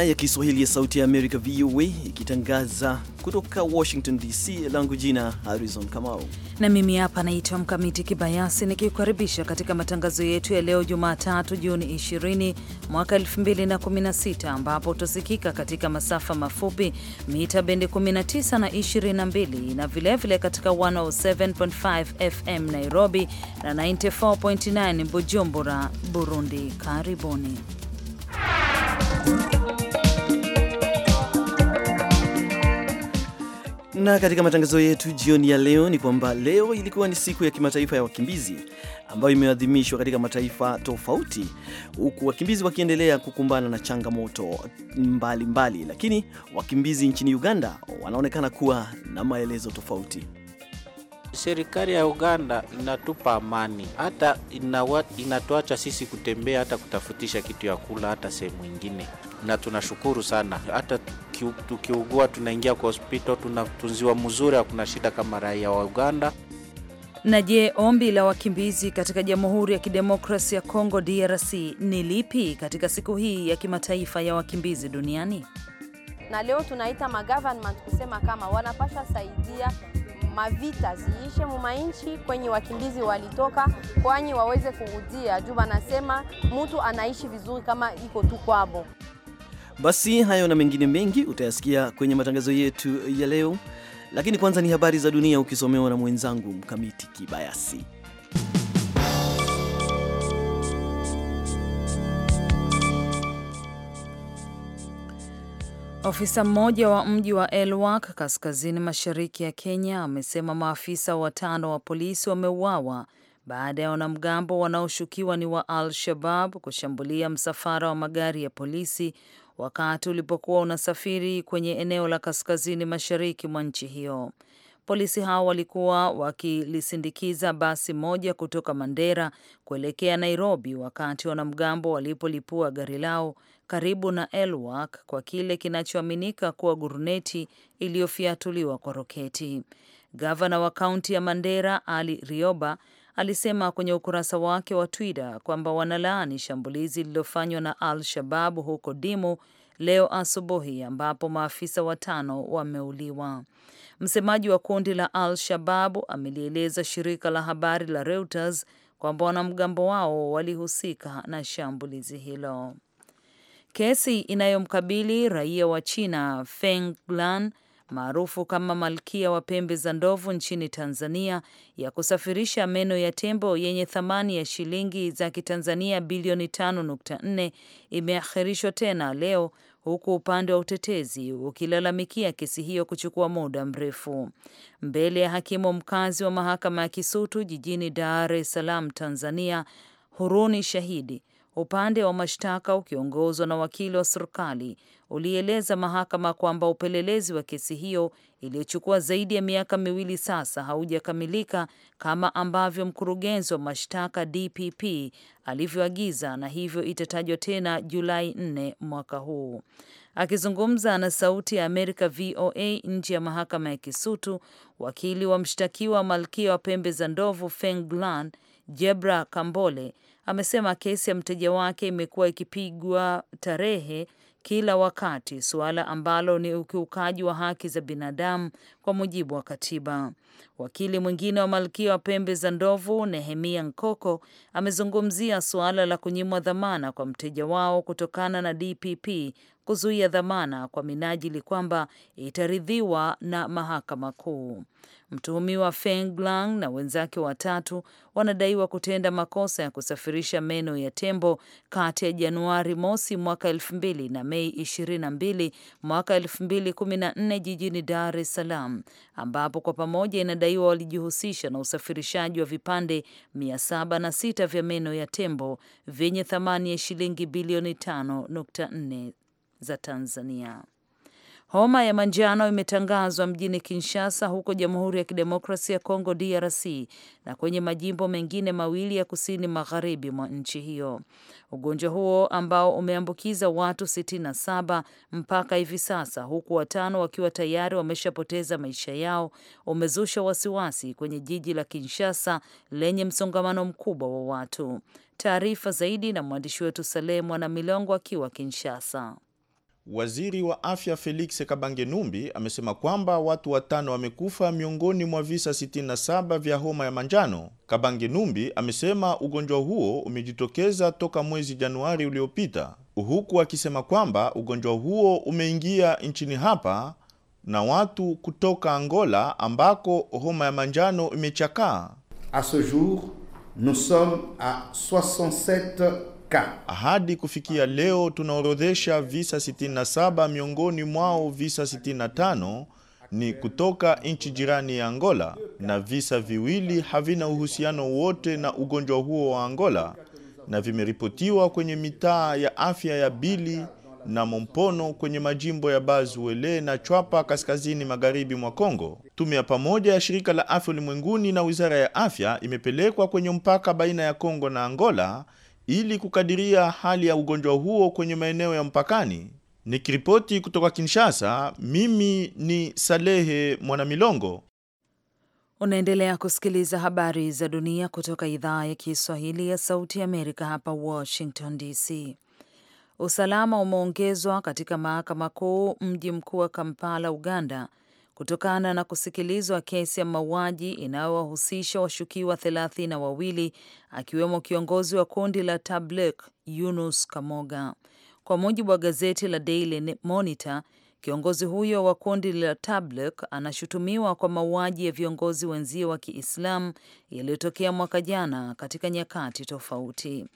idhaa ya Kiswahili ya Sauti ya Amerika, VOA, ikitangaza kutoka Washington DC. Langu jina Harrison Kamau na mimi hapa naitwa Mkamiti Kibayasi nikikukaribisha katika matangazo yetu ya leo Jumatatu, Juni 20 mwaka 2016, ambapo utasikika katika masafa mafupi mita bendi 19 na 22 na vilevile vile katika 107.5 FM Nairobi na 94.9 Bujumbura, Burundi. Karibuni. Na katika matangazo yetu jioni ya leo ni kwamba leo ilikuwa ni siku ya kimataifa ya wakimbizi ambayo imeadhimishwa katika mataifa tofauti, huku wakimbizi wakiendelea kukumbana na changamoto mbalimbali mbali. Lakini wakimbizi nchini Uganda wanaonekana kuwa na maelezo tofauti. Serikali ya Uganda inatupa amani, hata inatuacha sisi kutembea, hata kutafutisha kitu ya kula, hata sehemu ingine na tunashukuru sana. Hata tukiugua tunaingia kwa hospital tunatunziwa mzuri, hakuna shida kama raia wa Uganda. Na je, ombi la wakimbizi katika Jamhuri ya Kidemokrasia ya Kongo DRC ni lipi katika siku hii ya kimataifa ya wakimbizi duniani? Na leo tunaita magovernment kusema kama wanapasha saidia mavita ziishe mumainchi kwenye wakimbizi walitoka, kwani waweze kurudia juu, wanasema mtu anaishi vizuri kama iko tu kwabo. Basi hayo na mengine mengi utayasikia kwenye matangazo yetu ya leo, lakini kwanza ni habari za dunia ukisomewa na mwenzangu Mkamiti Kibayasi. Ofisa mmoja wa mji wa Elwak kaskazini mashariki ya Kenya amesema maafisa watano wa polisi wameuawa baada ya wanamgambo wanaoshukiwa ni wa Al Shabab kushambulia msafara wa magari ya polisi wakati ulipokuwa unasafiri kwenye eneo la kaskazini mashariki mwa nchi hiyo. Polisi hao walikuwa wakilisindikiza basi moja kutoka Mandera kuelekea Nairobi wakati wanamgambo walipolipua gari lao karibu na Elwak kwa kile kinachoaminika kuwa guruneti iliyofiatuliwa kwa roketi. Gavana wa kaunti ya Mandera Ali Rioba alisema kwenye ukurasa wake wa Twitter kwamba wanalaani shambulizi lililofanywa na Al Shabab huko dimu leo asubuhi, ambapo maafisa watano wameuliwa. Msemaji wa kundi la Al shabab amelieleza shirika la habari la Reuters kwamba wanamgambo wao walihusika na shambulizi hilo. Kesi inayomkabili raia wa China Feng Lan maarufu kama malkia wa pembe za ndovu nchini Tanzania ya kusafirisha meno ya tembo yenye thamani ya shilingi za Kitanzania bilioni 5.4 imeakhirishwa tena leo huku upande wa utetezi ukilalamikia kesi hiyo kuchukua muda mrefu. Mbele ya hakimu mkazi wa mahakama ya Kisutu jijini Dar es Salaam, Tanzania, Huruni Shahidi Upande wa mashtaka ukiongozwa na wakili wa serikali ulieleza mahakama kwamba upelelezi wa kesi hiyo iliyochukua zaidi ya miaka miwili sasa haujakamilika kama ambavyo mkurugenzi wa mashtaka DPP alivyoagiza na hivyo itatajwa tena Julai 4 mwaka huu. Akizungumza na Sauti ya Amerika VOA nje ya mahakama ya Kisutu, wakili wa mshtakiwa Malkia wa Pembe za Ndovu Fenglan Jebra Kambole amesema kesi ya mteja wake imekuwa ikipigwa tarehe kila wakati, suala ambalo ni ukiukaji wa haki za binadamu kwa mujibu wa katiba. Wakili mwingine wa malkia wa pembe za ndovu Nehemia Nkoko amezungumzia suala la kunyimwa dhamana kwa mteja wao kutokana na DPP kuzuia dhamana kwa minajili kwamba itaridhiwa na mahakama kuu. Mtuhumiwa Feng na wenzake watatu wanadaiwa kutenda makosa ya kusafirisha meno ya tembo kati ya Januari mosi mwaka elfu mbili na Mei ishirini na mbili mwaka elfu mbili kumi na nne jijini Dar es Salaam, ambapo kwa pamoja inadaiwa walijihusisha na usafirishaji wa vipande mia saba na sita vya meno ya tembo vyenye thamani ya shilingi bilioni tano nukta nne za Tanzania. Homa ya manjano imetangazwa mjini Kinshasa huko Jamhuri ya Kidemokrasia ya Kongo DRC na kwenye majimbo mengine mawili ya kusini magharibi mwa nchi hiyo. Ugonjwa huo ambao umeambukiza watu 67 mpaka hivi sasa, huku watano wakiwa tayari wameshapoteza maisha yao, umezusha wasiwasi kwenye jiji la Kinshasa lenye msongamano mkubwa wa watu. Taarifa zaidi na mwandishi wetu Saleh Mwana Milongo akiwa Kinshasa. Waziri wa Afya Felix Kabange Numbi amesema kwamba watu watano wamekufa miongoni mwa visa 67 vya homa ya manjano. Kabange Numbi amesema ugonjwa huo umejitokeza toka mwezi Januari uliopita, huku akisema kwamba ugonjwa huo umeingia nchini hapa na watu kutoka Angola ambako homa ya manjano imechakaa. A ce jour nous sommes a 67 hadi kufikia leo tunaorodhesha visa 67, miongoni mwao visa 65 ni kutoka nchi jirani ya Angola na visa viwili havina uhusiano wote na ugonjwa huo wa Angola na vimeripotiwa kwenye mitaa ya afya ya Bili na Mompono kwenye majimbo ya Bazuele na Chwapa kaskazini magharibi mwa Kongo. Tume ya pamoja ya Shirika la Afya Ulimwenguni na Wizara ya Afya imepelekwa kwenye mpaka baina ya Kongo na Angola ili kukadiria hali ya ugonjwa huo kwenye maeneo ya mpakani. Nikiripoti kutoka Kinshasa, mimi ni Salehe Mwanamilongo. Unaendelea kusikiliza habari za dunia kutoka idhaa ya Kiswahili ya Sauti ya Amerika hapa Washington DC. Usalama umeongezwa katika mahakama kuu mji mkuu wa Kampala, Uganda, kutokana na kusikilizwa kesi ya mauaji inayowahusisha washukiwa thelathini na wawili akiwemo kiongozi wa kundi la tablek Yunus Kamoga. Kwa mujibu wa gazeti la Daily Monitor, kiongozi huyo wa kundi la tablek anashutumiwa kwa mauaji ya viongozi wenzie wa Kiislamu yaliyotokea mwaka jana katika nyakati tofauti.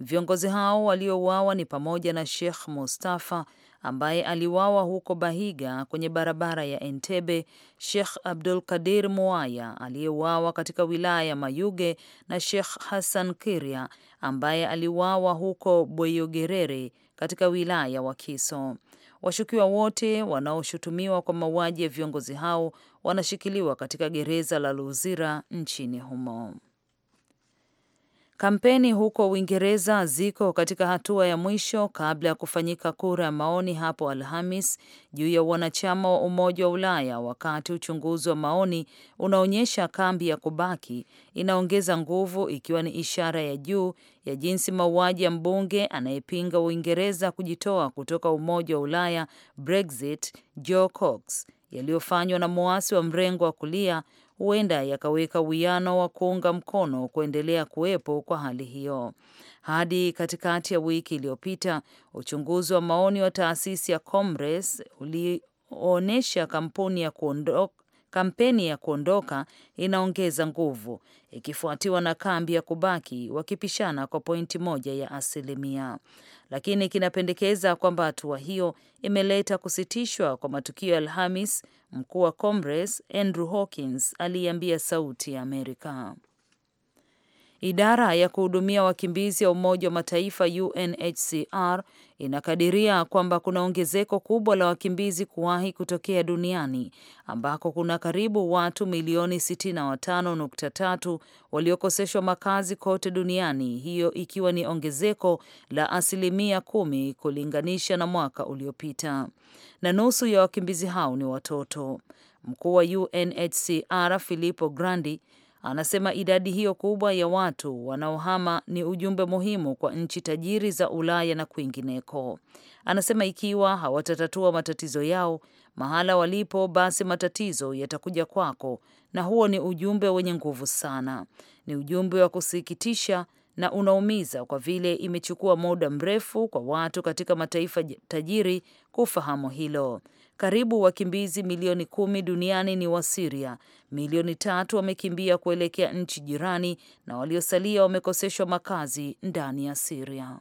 Viongozi hao waliouawa ni pamoja na Sheikh Mustafa ambaye aliwawa huko Bahiga kwenye barabara ya Entebbe, Sheikh kadir Muaya aliyewawa katika wilaya ya Mayuge na Sheikh Hassan Kirya ambaye aliwawa huko Bweyogerere katika wilaya ya Wakiso. Washukiwa wote wanaoshutumiwa kwa mauaji ya viongozi hao wanashikiliwa katika gereza la Luzira nchini humo. Kampeni huko Uingereza ziko katika hatua ya mwisho kabla ya kufanyika kura ya maoni hapo Alhamis juu ya wanachama wa Umoja wa Ulaya, wakati uchunguzi wa maoni unaonyesha kambi ya kubaki inaongeza nguvu, ikiwa ni ishara ya juu ya jinsi mauaji ya mbunge anayepinga Uingereza kujitoa kutoka Umoja wa Ulaya, Brexit, Joe Cox, yaliyofanywa na muasi wa mrengo wa kulia huenda yakaweka wiano wa kuunga mkono kuendelea kuwepo kwa hali hiyo. Hadi katikati ya wiki iliyopita, uchunguzi wa maoni wa taasisi ya Comres ulioonyesha kampuni ya kuondoka Kampeni ya kuondoka inaongeza nguvu, ikifuatiwa na kambi ya kubaki, wakipishana kwa pointi moja ya asilimia, lakini kinapendekeza kwamba hatua hiyo imeleta kusitishwa kwa matukio ya Alhamis. Mkuu wa Congress Andrew Hawkins aliambia Sauti ya Amerika. Idara ya kuhudumia wakimbizi ya Umoja wa Mataifa UNHCR inakadiria kwamba kuna ongezeko kubwa la wakimbizi kuwahi kutokea duniani ambako kuna karibu watu milioni 65.3 waliokoseshwa makazi kote duniani, hiyo ikiwa ni ongezeko la asilimia kumi kulinganisha na mwaka uliopita, na nusu ya wakimbizi hao ni watoto. Mkuu wa UNHCR Filippo Grandi Anasema idadi hiyo kubwa ya watu wanaohama ni ujumbe muhimu kwa nchi tajiri za Ulaya na kwingineko. Anasema ikiwa hawatatatua matatizo yao mahala walipo, basi matatizo yatakuja kwako, na huo ni ujumbe wenye nguvu sana. Ni ujumbe wa kusikitisha na unaumiza kwa vile imechukua muda mrefu kwa watu katika mataifa tajiri kufahamu hilo. Karibu wakimbizi milioni kumi duniani ni Wasiria, milioni tatu wamekimbia kuelekea nchi jirani na waliosalia wamekoseshwa makazi ndani ya Siria.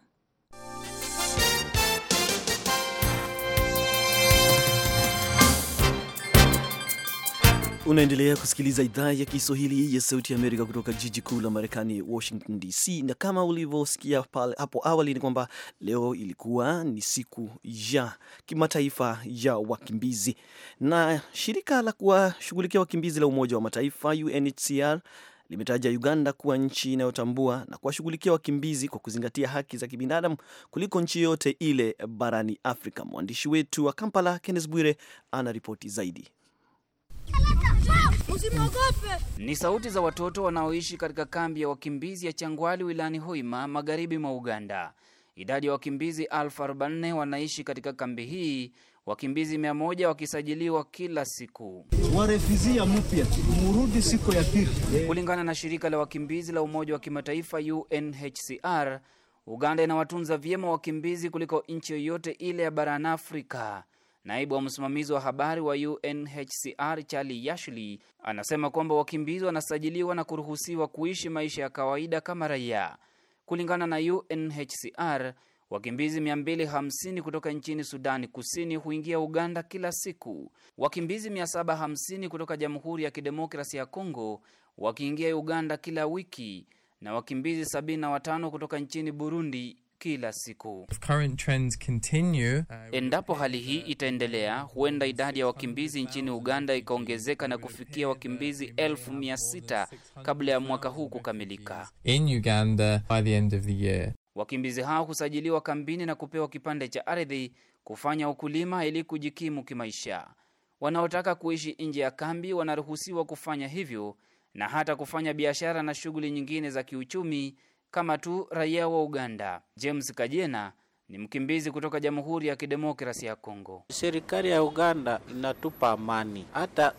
Unaendelea kusikiliza idhaa ya Kiswahili ya Sauti ya Amerika kutoka jiji kuu la Marekani, Washington DC. Na kama ulivyosikia hapo awali, ni kwamba leo ilikuwa ni siku ya kimataifa ya wakimbizi, na shirika la kuwashughulikia wakimbizi la Umoja wa Mataifa UNHCR limetaja Uganda kuwa nchi inayotambua na kuwashughulikia wakimbizi kwa kuzingatia haki za kibinadamu kuliko nchi yoyote ile barani Afrika. Mwandishi wetu wa Kampala, Kenneth Bwire, ana ripoti zaidi. Ni sauti za watoto wanaoishi katika kambi ya wakimbizi ya Changwali wilani Hoima magharibi mwa Uganda. Idadi ya wakimbizi elfu wanaishi katika kambi hii, wakimbizi 1 wakisajiliwa kila siku. warefizia mpya murudi siku ya pili. Kulingana na shirika la wakimbizi la Umoja wa Kimataifa UNHCR, Uganda inawatunza vyema wakimbizi kuliko nchi yoyote ile ya barani Afrika. Naibu wa msimamizi wa habari wa UNHCR Charlie Yashli anasema kwamba wakimbizi wanasajiliwa na kuruhusiwa kuishi maisha ya kawaida kama raia. Kulingana na UNHCR, wakimbizi 250 kutoka nchini Sudani Kusini huingia Uganda kila siku, wakimbizi 750 kutoka Jamhuri ya Kidemokrasi ya Kongo wakiingia Uganda kila wiki na wakimbizi 75 kutoka nchini Burundi kila siku. Uh, endapo hali hii uh, itaendelea, huenda idadi ya wakimbizi nchini Uganda ikaongezeka na kufikia wakimbizi elfu mia sita kabla ya mwaka huu kukamilika. In Uganda, by the end of the year. Wakimbizi hao husajiliwa kambini na kupewa kipande cha ardhi kufanya ukulima ili kujikimu kimaisha. Wanaotaka kuishi nje ya kambi wanaruhusiwa kufanya hivyo na hata kufanya biashara na shughuli nyingine za kiuchumi kama tu raia wa Uganda. James Kajena ni mkimbizi kutoka Jamhuri ya Kidemokrasia ya Kongo. Serikali ya Uganda inatupa amani, hata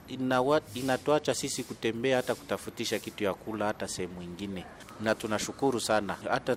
inatuacha sisi kutembea, hata kutafutisha kitu ya kula, hata sehemu ingine, na tunashukuru sana. Hata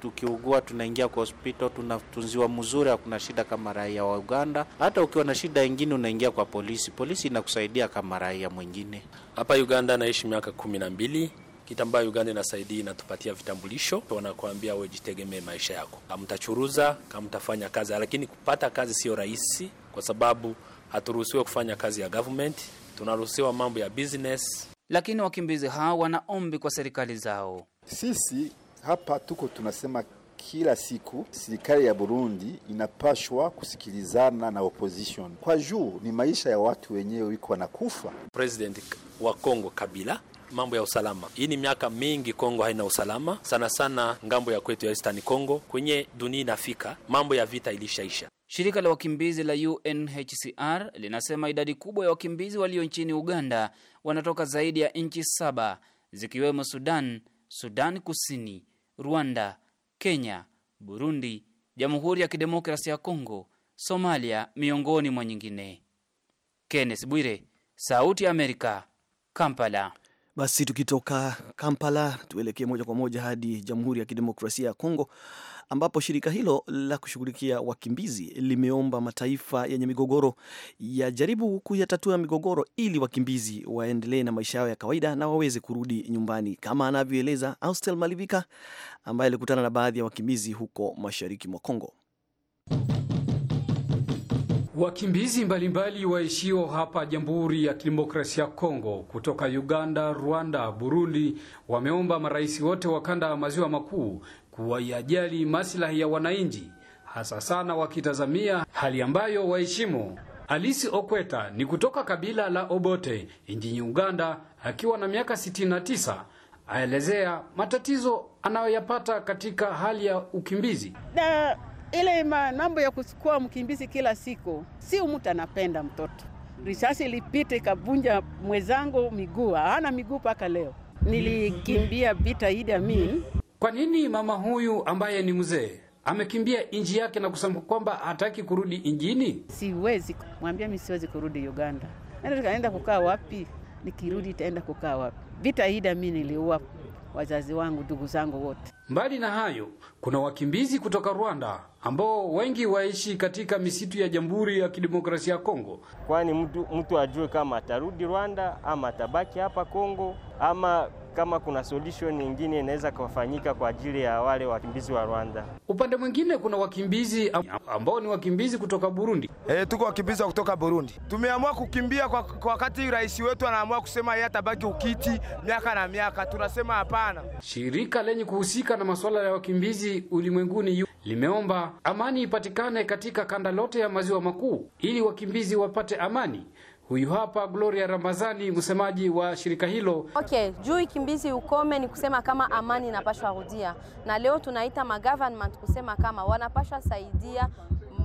tukiugua tunaingia kwa hospital tunatunziwa mzuri, hakuna shida kama raia wa Uganda. Hata ukiwa na shida ingine unaingia kwa polisi, polisi inakusaidia kama raia mwingine. Hapa Uganda naishi miaka kumi na mbili kitambaa Uganda inasaidia, inatupatia vitambulisho, wanakuambia wewe jitegemee maisha yako, kamtachuruza kamtafanya kazi, lakini kupata kazi sio rahisi, kwa sababu haturuhusiwi kufanya kazi ya government, tunaruhusiwa mambo ya business. Lakini wakimbizi hao wana ombi kwa serikali zao. Sisi hapa tuko tunasema kila siku serikali ya Burundi inapashwa kusikilizana na opposition kwa juu ni maisha ya watu wenyewe wiko wanakufa. President wa Kongo Kabila mambo ya usalama. Hii ni miaka mingi Kongo haina usalama, sana sana ngambo ya kwetu ya Eastern Kongo, kwenye dunia inafika mambo ya vita ilishaisha. Shirika la wakimbizi la UNHCR linasema idadi kubwa ya wakimbizi walio nchini Uganda wanatoka zaidi ya nchi saba zikiwemo Sudan, Sudan Kusini, Rwanda, Kenya, Burundi, Jamhuri ya Kidemokrasia ya Kongo, Somalia miongoni mwa nyingine. Kenneth Bwire, Sauti ya Amerika, Kampala. Basi tukitoka Kampala tuelekee moja kwa moja hadi Jamhuri ya Kidemokrasia ya Kongo ambapo shirika hilo la kushughulikia wakimbizi limeomba mataifa yenye migogoro yajaribu kuyatatua migogoro ili wakimbizi waendelee na maisha yao ya kawaida na waweze kurudi nyumbani, kama anavyoeleza Austel Malivika ambaye alikutana na baadhi ya wakimbizi huko mashariki mwa Kongo. Wakimbizi mbalimbali waishio hapa Jamhuri ya Kidemokrasia ya Kongo kutoka Uganda, Rwanda, Burundi wameomba marais wote wa kanda ya maziwa makuu kuwajali maslahi ya wananchi, hasa sana wakitazamia hali ambayo waheshimu. Alisi Okweta ni kutoka kabila la Obote nchini Uganda, akiwa na miaka 69 aelezea matatizo anayoyapata katika hali ya ukimbizi da. Ile mambo ya kusukua mkimbizi kila siku, si mtu anapenda mtoto. Risasi ilipita ikavunja mwenzangu miguu, hana miguu mpaka leo. Nilikimbia vita Idi Amin. Kwa nini mama huyu ambaye ni mzee amekimbia nji yake na kusema kwamba hataki kurudi injini Siwezi mwambia mi siwezi kurudi Uganda. Nenda kukaa wapi? Nikirudi itaenda kukaa wapi? Vita Idi Amin iliua wazazi wangu, ndugu zangu wote. Mbali na hayo, kuna wakimbizi kutoka Rwanda ambao wengi waishi katika misitu ya Jamhuri ya Kidemokrasia ya Kongo, kwani mtu, mtu ajue kama atarudi Rwanda ama atabaki hapa Kongo ama kama kuna solution nyingine inaweza kufanyika kwa ajili ya wale wakimbizi wa Rwanda. Upande mwingine kuna wakimbizi ambao ni wakimbizi kutoka Burundi. E, tuko wakimbizi wa kutoka Burundi, tumeamua kukimbia kwa, kwa wakati rais wetu anaamua kusema yeye atabaki ukiti miaka na miaka, tunasema hapana. Shirika lenye kuhusika na masuala ya wakimbizi ulimwenguni limeomba amani ipatikane katika kanda lote ya maziwa makuu ili wakimbizi wapate amani Huyu hapa Gloria Ramazani, msemaji wa shirika hilo. Okay, juu ikimbizi ukome ni kusema kama amani inapashwa rudia, na leo tunaita magovernment kusema kama wanapashwa saidia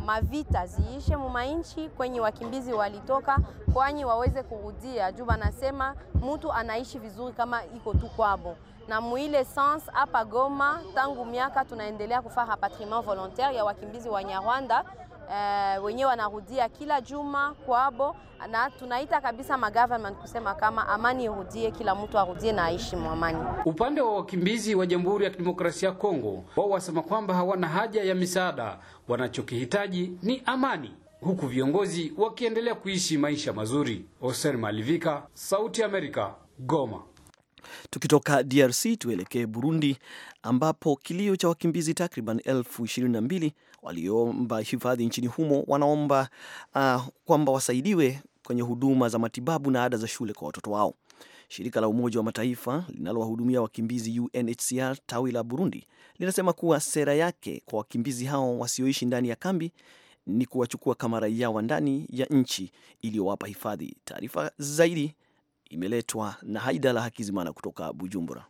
mavita ziishe mumainchi kwenye wakimbizi walitoka, kwani waweze kurudia juu wanasema mtu anaishi vizuri kama iko tu kwabo na muile sans hapa Goma, tangu miaka tunaendelea kufaa rapatriement volontaire ya wakimbizi wa Nyarwanda Eh, wenyewe wanarudia kila juma kwabo, na tunaita kabisa magovernment kusema kama amani irudie, kila mtu arudie na aishi mwamani. Upande wa wakimbizi wa Jamhuri ya Kidemokrasia ya Kongo, wao wasema kwamba hawana haja ya misaada, wanachokihitaji ni amani, huku viongozi wakiendelea kuishi maisha mazuri. Osen Malivika, Sauti ya Amerika, Goma. Tukitoka DRC tuelekee Burundi ambapo kilio cha wakimbizi takriban elfu 22 walioomba hifadhi nchini humo wanaomba uh, kwamba wasaidiwe kwenye huduma za matibabu na ada za shule kwa watoto wao. Shirika la Umoja wa Mataifa linalowahudumia wakimbizi UNHCR tawi la Burundi linasema kuwa sera yake kwa wakimbizi hao wasioishi ndani ya kambi ni kuwachukua kama raia wa ndani ya nchi iliyowapa hifadhi. Taarifa zaidi imeletwa na Haidala Hakizimana kutoka Bujumbura.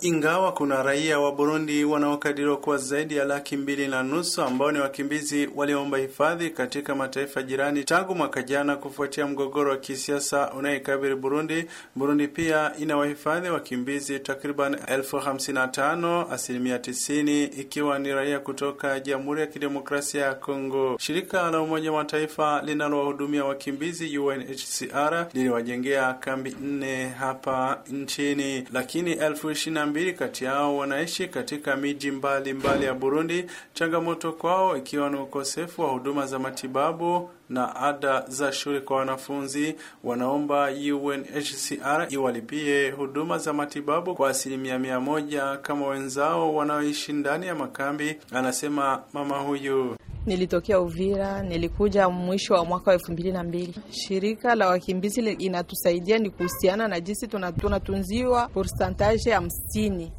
Ingawa kuna raia wa Burundi wanaokadiriwa kuwa zaidi ya laki mbili na nusu ambao ni wakimbizi walioomba hifadhi katika mataifa jirani tangu mwaka jana kufuatia mgogoro wa kisiasa unayoikabili Burundi. Burundi pia ina wahifadhi wakimbizi takriban elfu hamsini na tano, asilimia tisini ikiwa ni raia kutoka Jamhuri ya Kidemokrasia ya Kongo. Shirika la Umoja wa Mataifa linalowahudumia wakimbizi UNHCR liliwajengea kambi nne hapa nchini, lakini elfu ishirini mbili kati yao wanaishi katika miji mbalimbali mbali ya Burundi, changamoto kwao ikiwa ni ukosefu wa huduma za matibabu na ada za shule kwa wanafunzi. Wanaomba UNHCR iwalipie huduma za matibabu kwa asilimia mia moja kama wenzao wanaoishi ndani ya makambi, anasema mama huyu. Nilitokea Uvira, nilikuja mwisho wa mwaka wa elfu mbili na mbili. Shirika la wakimbizi inatusaidia ni kuhusiana na jinsi tunatunziwa porsantaje hamsini,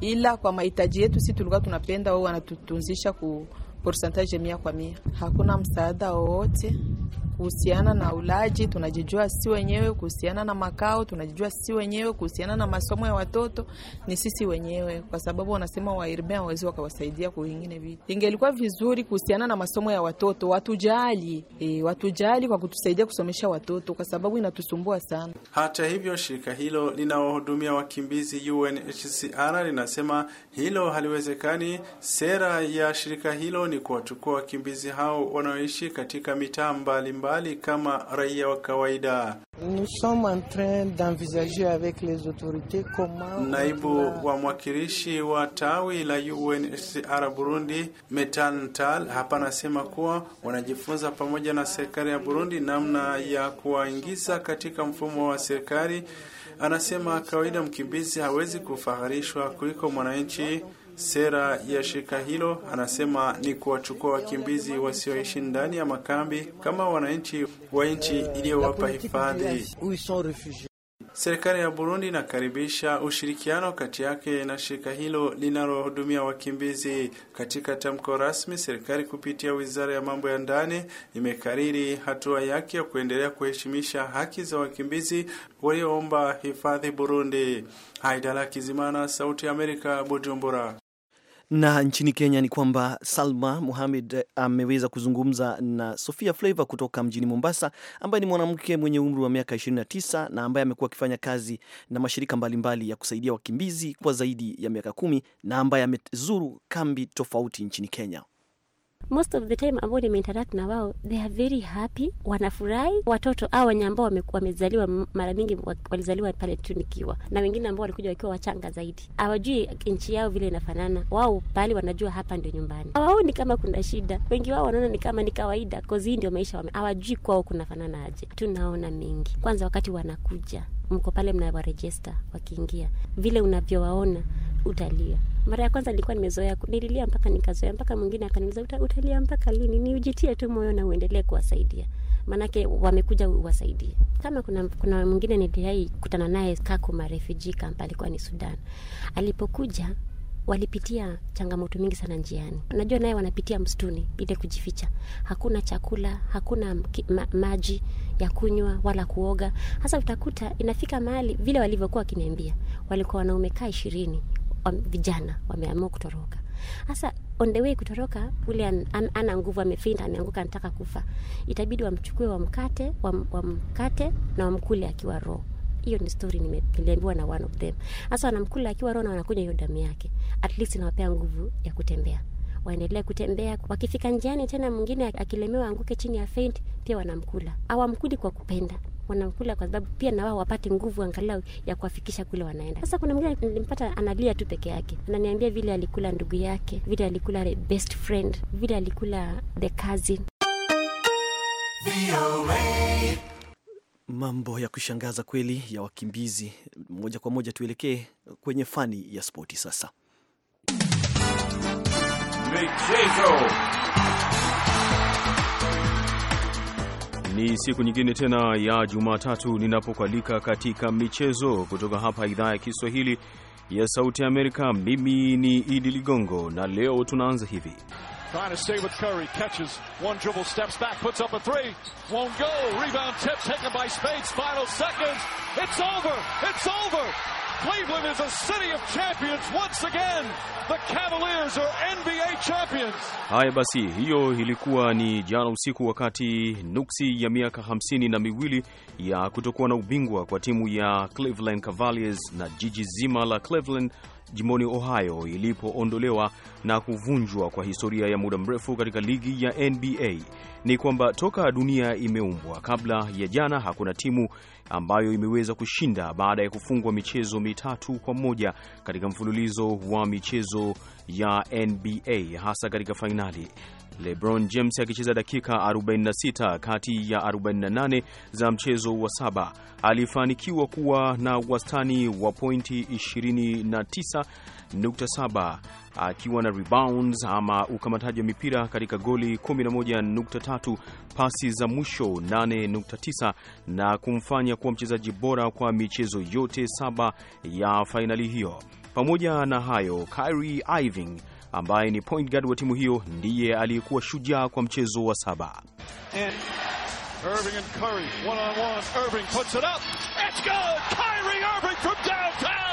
ila kwa mahitaji yetu si tulikuwa tunapenda wao wanatutunzisha ku porsantaje mia kwa mia. Hakuna msaada wowote kuhusiana na ulaji, tunajijua si wenyewe, kuhusiana na makao tunajijua si wenyewe, kuhusiana na masomo ya watoto ni sisi wenyewe, kwa sababu wanasema wairbe hawawezi wakawasaidia kwa wengine vitu. Ingelikuwa vizuri kuhusiana na masomo ya watoto watujali, e, watujali kwa kutusaidia kusomesha watoto, kwa sababu inatusumbua sana. Hata hivyo, shirika hilo linawahudumia wakimbizi UNHCR linasema hilo haliwezekani. Sera ya shirika hilo ni kuwachukua wakimbizi hao wanaoishi katika mitaa mbalimbali mbalimbali kama raia wa kawaida. Naibu wa mwakilishi wa tawi la UNHCR Burundi Metan Tal hapa anasema kuwa wanajifunza pamoja na serikali ya Burundi namna ya kuwaingiza katika mfumo wa serikali. Anasema kawaida mkimbizi hawezi kufaharishwa kuliko mwananchi Sera ya shirika hilo anasema ni kuwachukua wakimbizi wasioishi ndani ya makambi kama wananchi wa nchi iliyowapa hifadhi. Serikali ya Burundi inakaribisha ushirikiano kati yake na shirika hilo linalohudumia wakimbizi. Katika tamko rasmi, serikali kupitia wizara ya mambo ya ndani imekariri hatua yake ya kuendelea kuheshimisha haki za wakimbizi walioomba hifadhi Burundi. Haidala Kizimana, Sauti ya Amerika, Bujumbura. Na nchini Kenya ni kwamba Salma Muhamed ameweza kuzungumza na Sofia Flavor kutoka mjini Mombasa, ambaye ni mwanamke mwenye umri wa miaka 29 na ambaye amekuwa akifanya kazi na mashirika mbalimbali mbali ya kusaidia wakimbizi kwa zaidi ya miaka kumi na ambaye amezuru kambi tofauti nchini Kenya most of the time ambao nimeinteract na wao they are very happy, wanafurahi. Watoto au wenye ambao wamezaliwa mara mingi walizaliwa pale tu nikiwa na wengine ambao walikuja wakiwa wachanga zaidi, hawajui nchi yao vile inafanana. Wao pale wanajua hapa ndio nyumbani, hawaoni kama kuna shida. Wengi wao wanaona ni kama ni kawaida, kozi hii ndio maisha, hawajui kwao kunafanana aje. Tunaona mengi kwanza, wakati wanakuja mko pale mnawarejesta, wakiingia vile unavyowaona utalia. Mara ya kwanza nilikuwa nimezoea, nililia mpaka nikazoea, mpaka mwingine akaniuliza uta, utalia mpaka lini? Ni ujitie tu moyo na uendelee kuwasaidia, maanake wamekuja uwasaidie. Kama kuna kuna mwingine niliai kutana naye Kakuma refugee camp, alikuwa ni Sudan. Alipokuja walipitia changamoto mingi sana njiani. Najua naye wanapitia msituni ile kujificha, hakuna chakula, hakuna ma maji ya kunywa wala kuoga. Hasa utakuta inafika mahali vile walivyokuwa wakiniambia, walikuwa wanaume kaa ishirini vijana wameamua kutoroka. Sasa on the way kutoroka, ule an, an, ana nguvu, amefinda, ameanguka, anataka kufa, itabidi wamchukue, wamkate, wam, wamkate na wamkule akiwa roho hiyo ni story niliambiwa na one of them. Sasa wanamkula akiwa roho na wanakunywa hiyo damu yake, at least inawapea nguvu ya kutembea, waendelee kutembea. Wakifika njiani tena, mwingine akilemewa anguke chini ya faint, pia wanamkula. Awamkuli kwa kupenda, wanakula kwa sababu pia na wao wapate nguvu angalau ya kuwafikisha kule wanaenda. Sasa kuna mwingine nilimpata analia tu peke yake, ananiambia vile alikula ndugu yake, vile alikula best friend, vile alikula the cousin. Mambo ya kushangaza kweli ya wakimbizi. Moja kwa moja tuelekee kwenye fani ya spoti sasa. Michezo. Ni siku nyingine tena ya Jumatatu ninapokualika katika michezo kutoka hapa idhaa ya Kiswahili ya Sauti ya Amerika. Mimi ni Idi Ligongo na leo tunaanza hivi Cleveland is a city of champions once again. The Cavaliers are NBA champions. Haya basi, hiyo ilikuwa ni jana usiku, wakati nuksi ya miaka hamsini na miwili ya kutokuwa na ubingwa kwa timu ya Cleveland Cavaliers na jiji zima la Cleveland jimboni Ohio ilipoondolewa na kuvunjwa kwa historia ya muda mrefu katika ligi ya NBA. Ni kwamba toka dunia imeumbwa kabla ya jana hakuna timu ambayo imeweza kushinda baada ya kufungwa michezo mitatu kwa moja katika mfululizo wa michezo ya NBA hasa katika fainali. LeBron James akicheza dakika 46 kati ya 48 za mchezo wa saba alifanikiwa kuwa na wastani wa pointi 29.7 akiwa na rebounds ama ukamataji wa mipira katika goli 11.3 pasi za mwisho 8.9 na kumfanya kuwa mchezaji bora kwa michezo yote saba ya fainali hiyo. Pamoja na hayo, Kyrie Irving ambaye ni point guard wa timu hiyo ndiye aliyekuwa shujaa kwa mchezo wa saba. Irving and Curry, one on one. Irving puts it up. It's good. Kyrie Irving from downtown.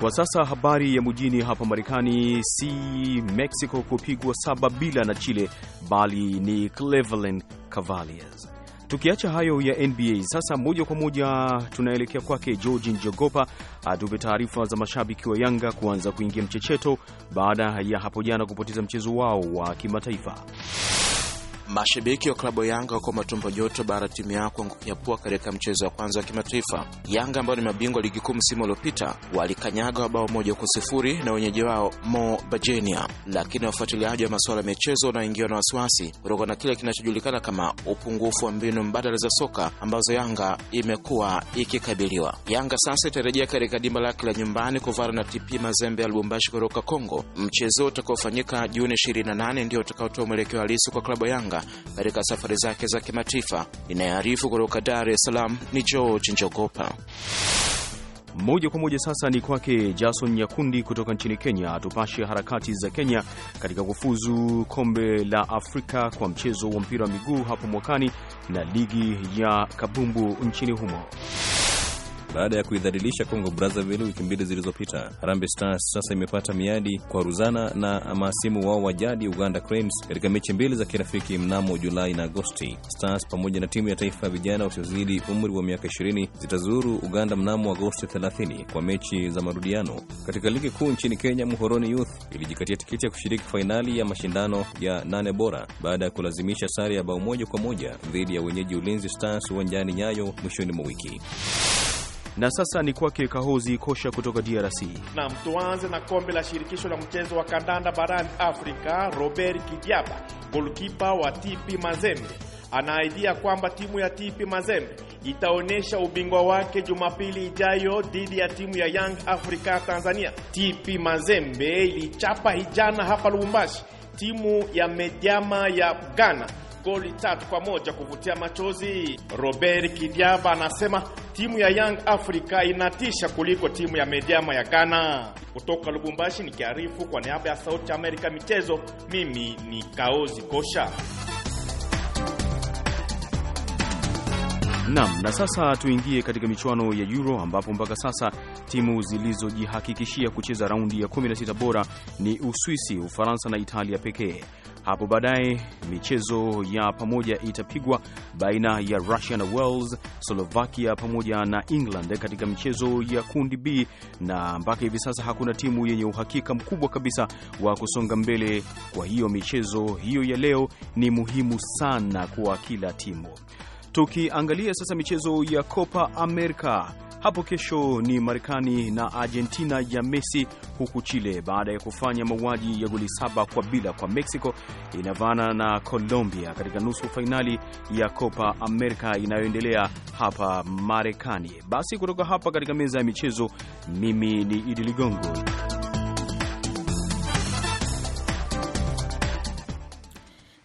Kwa sasa habari ya mjini hapa Marekani si Mexico kupigwa saba bila na Chile, bali ni Cleveland Cavaliers. Tukiacha hayo ya NBA, sasa moja kwa moja tunaelekea kwake George Njogopa atupe taarifa za mashabiki wa Yanga kuanza kuingia mchecheto baada ya hapo jana kupoteza mchezo wao wa kimataifa. Mashabiki wa klabu ya Yanga wako matumbo joto baada timu yao pua katika mchezo wa kwanza wa kimataifa. Yanga ambao ni mabingwa ligi kuu msimu uliopita walikanyaga bao moja kwa sifuri na wenyeji wao Mo Bajenia, lakini wafuatiliaji wa masuala ya michezo wanaingiwa na wasiwasi kutokana na kile kinachojulikana kama upungufu wa mbinu mbadala za soka ambazo Yanga imekuwa ikikabiliwa. Yanga sasa itarejea katika dimba lake la nyumbani kuvara na TP Mazembe ya Lubumbashi kutoka Kongo. Mchezo utakaofanyika Juni 28 ndio utakaotoa mwelekeo halisi kwa klabu ya Yanga katika safari zake za kimataifa. Inayoarifu kutoka Dar es Salaam ni George Njogopa. Moja kwa moja sasa ni kwake Jason Nyakundi kutoka nchini Kenya, atupashe harakati za Kenya katika kufuzu kombe la Afrika kwa mchezo wa mpira wa miguu hapo mwakani na ligi ya kabumbu nchini humo baada ya kuidhalilisha Congo Brazzaville wiki mbili zilizopita. Harambee Stars sasa imepata miadi kwa ruzana na mahasimu wao wa jadi Uganda Cranes katika mechi mbili za kirafiki mnamo Julai na Agosti. Stars pamoja na timu ya taifa ya vijana wasiozidi umri wa miaka 20 zitazuru Uganda mnamo Agosti 30 kwa mechi za marudiano. Katika ligi kuu nchini Kenya, Muhoroni Youth ilijikatia tikiti ya kushiriki fainali ya mashindano ya nane bora baada ya kulazimisha sare ya bao moja kwa moja dhidi ya wenyeji Ulinzi Stars uwanjani Nyayo mwishoni mwa wiki. Na sasa ni kwake Kahozi Kosha kutoka DRC. nam tuanze na kombe la shirikisho la mchezo wa kandanda barani Afrika. Robert Kidiaba, golkipa wa TP Mazembe, anaaidia kwamba timu ya TP Mazembe itaonyesha ubingwa wake Jumapili ijayo dhidi ya timu ya Young Africa Tanzania. TP Mazembe ilichapa hijana hapa Lubumbashi timu ya Mejama ya Ghana goli tatu kwa moja kuvutia machozi. Robert Kidiaba anasema timu ya Young Africa inatisha kuliko timu ya Mediama ya Ghana. Kutoka Lubumbashi nikiarifu kwa niaba ya Sauti Amerika michezo, mimi ni Kaozi Kosha. Nam, na sasa tuingie katika michuano ya Euro ambapo mpaka sasa timu zilizojihakikishia kucheza raundi ya 16 bora ni Uswisi, Ufaransa na Italia pekee. Hapo baadaye michezo ya pamoja itapigwa baina ya Russia na Wales, Slovakia pamoja na England katika michezo ya kundi B, na mpaka hivi sasa hakuna timu yenye uhakika mkubwa kabisa wa kusonga mbele. Kwa hiyo michezo hiyo ya leo ni muhimu sana kwa kila timu. Tukiangalia sasa michezo ya Copa America hapo kesho ni Marekani na Argentina ya Messi, huku Chile baada ya kufanya mauaji ya goli saba kwa bila kwa Mexico inavana na Colombia katika nusu fainali ya Copa America inayoendelea hapa Marekani. Basi kutoka hapa katika meza ya michezo, mimi ni Idi Ligongo.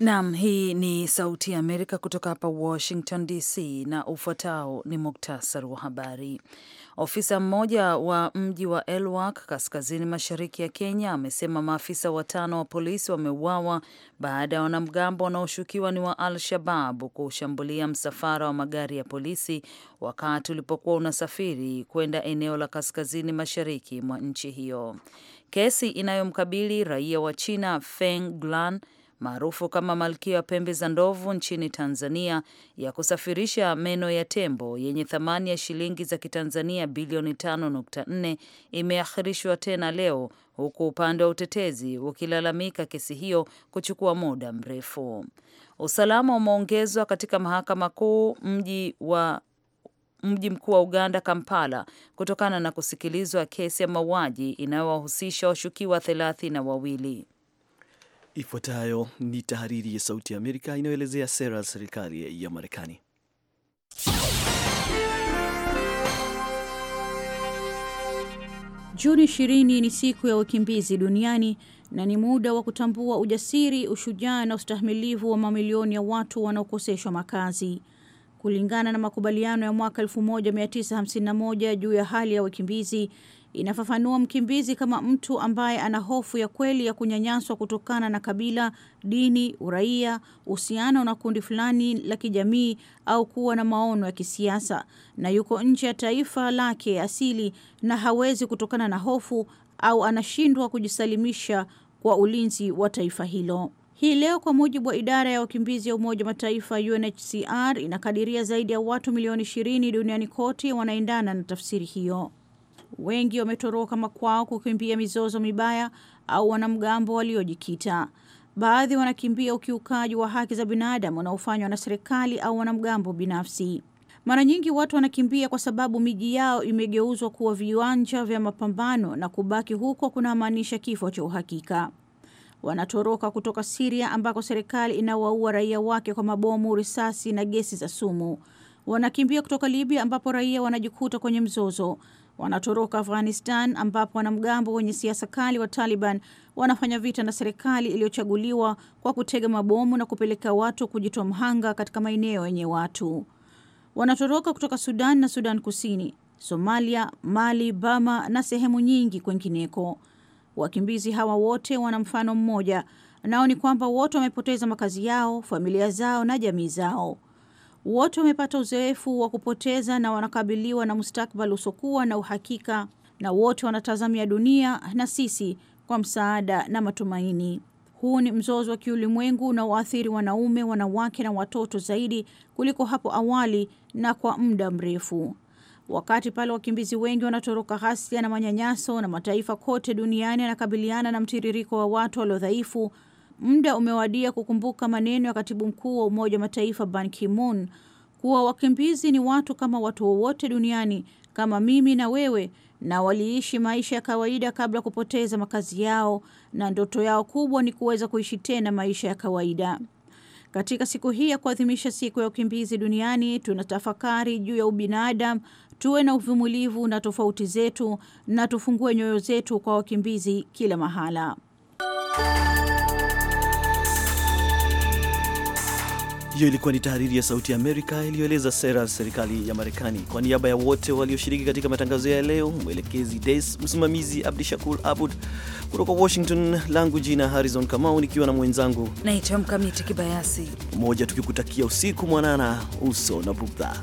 Nam, hii ni Sauti ya Amerika kutoka hapa Washington DC, na ufuatao ni muktasari wa habari. Ofisa mmoja wa mji wa Elwak kaskazini mashariki ya Kenya amesema maafisa watano wa polisi wameuawa baada ya wanamgambo wanaoshukiwa ni wa Al Shababu kushambulia msafara wa magari ya polisi wakati ulipokuwa unasafiri kwenda eneo la kaskazini mashariki mwa nchi hiyo. Kesi inayomkabili raia wa China Feng Glan maarufu kama Malkia ya Pembe za Ndovu nchini Tanzania ya kusafirisha meno ya tembo yenye thamani ya shilingi za Kitanzania bilioni 5.4 imeakhirishwa tena leo huku upande wa utetezi ukilalamika kesi hiyo kuchukua muda mrefu. Usalama umeongezwa katika mahakama kuu mji wa mji mkuu wa Uganda, Kampala, kutokana na kusikilizwa kesi ya mauaji inayowahusisha washukiwa thelathini na wawili. Ifuatayo ni tahariri ya Sauti ya Amerika inayoelezea sera ya serikali ya Marekani. Juni 20 ni siku ya wakimbizi duniani na ni muda wa kutambua ujasiri, ushujaa na ustahimilivu wa mamilioni ya watu wanaokoseshwa makazi. Kulingana na makubaliano ya mwaka 1951 juu ya hali ya wakimbizi, inafafanua mkimbizi kama mtu ambaye ana hofu ya kweli ya kunyanyaswa kutokana na kabila, dini, uraia, uhusiano na kundi fulani la kijamii au kuwa na maono ya kisiasa, na yuko nje ya taifa lake asili na hawezi kutokana na hofu au anashindwa kujisalimisha kwa ulinzi wa taifa hilo. Hii leo kwa mujibu wa idara ya wakimbizi ya Umoja wa Mataifa UNHCR inakadiria zaidi ya watu milioni ishirini duniani kote wanaendana na tafsiri hiyo wengi wametoroka makwao kukimbia mizozo mibaya au wanamgambo waliojikita. Baadhi wanakimbia ukiukaji wa haki za binadamu unaofanywa na serikali au wanamgambo binafsi. Mara nyingi watu wanakimbia kwa sababu miji yao imegeuzwa kuwa viwanja vya mapambano na kubaki huko kunamaanisha kifo cha uhakika. Wanatoroka kutoka Siria ambako serikali inawaua raia wake kwa mabomu, risasi na gesi za sumu. Wanakimbia kutoka Libya ambapo raia wanajikuta kwenye mzozo wanatoroka Afghanistan ambapo wanamgambo wenye siasa kali wa Taliban wanafanya vita na serikali iliyochaguliwa kwa kutega mabomu na kupelekea watu kujitoa mhanga katika maeneo yenye watu. Wanatoroka kutoka Sudan na Sudan Kusini, Somalia, Mali, Bama na sehemu nyingi kwengineko. Wakimbizi hawa wote wana mfano mmoja, nao ni kwamba wote wamepoteza makazi yao, familia zao na jamii zao wote wamepata uzoefu wa kupoteza na wanakabiliwa na mstakbal usiokuwa na uhakika, na wote wanatazamia dunia na sisi kwa msaada na matumaini. Huu ni mzozo wa kiulimwengu unaoathiri wanaume, wanawake na watoto zaidi kuliko hapo awali na kwa muda mrefu. Wakati pale wakimbizi wengi wanatoroka ghasia na manyanyaso, na mataifa kote duniani yanakabiliana na mtiririko wa watu waliodhaifu dhaifu muda umewadia kukumbuka maneno ya katibu mkuu wa Umoja wa Mataifa Ban Ki-moon kuwa wakimbizi ni watu kama watu wowote duniani, kama mimi na wewe, na waliishi maisha ya kawaida kabla ya kupoteza makazi yao, na ndoto yao kubwa ni kuweza kuishi tena maisha ya kawaida. Katika siku hii ya kuadhimisha siku ya ukimbizi duniani, tunatafakari juu ya ubinadamu. Tuwe na uvumilivu na tofauti zetu, na tufungue nyoyo zetu kwa wakimbizi kila mahala. Hiyo ilikuwa ni tahariri ya Sauti ya Amerika iliyoeleza sera serikali ya Marekani. Kwa niaba ya wote walioshiriki katika matangazo ya leo, mwelekezi Des, msimamizi Abdi Shakur Abud kutoka Washington, langu jina Harrison Kamau, nikiwa na mwenzangu naitwa Mkamiti Kibayasi, moja tukikutakia usiku mwanana, uso na budha.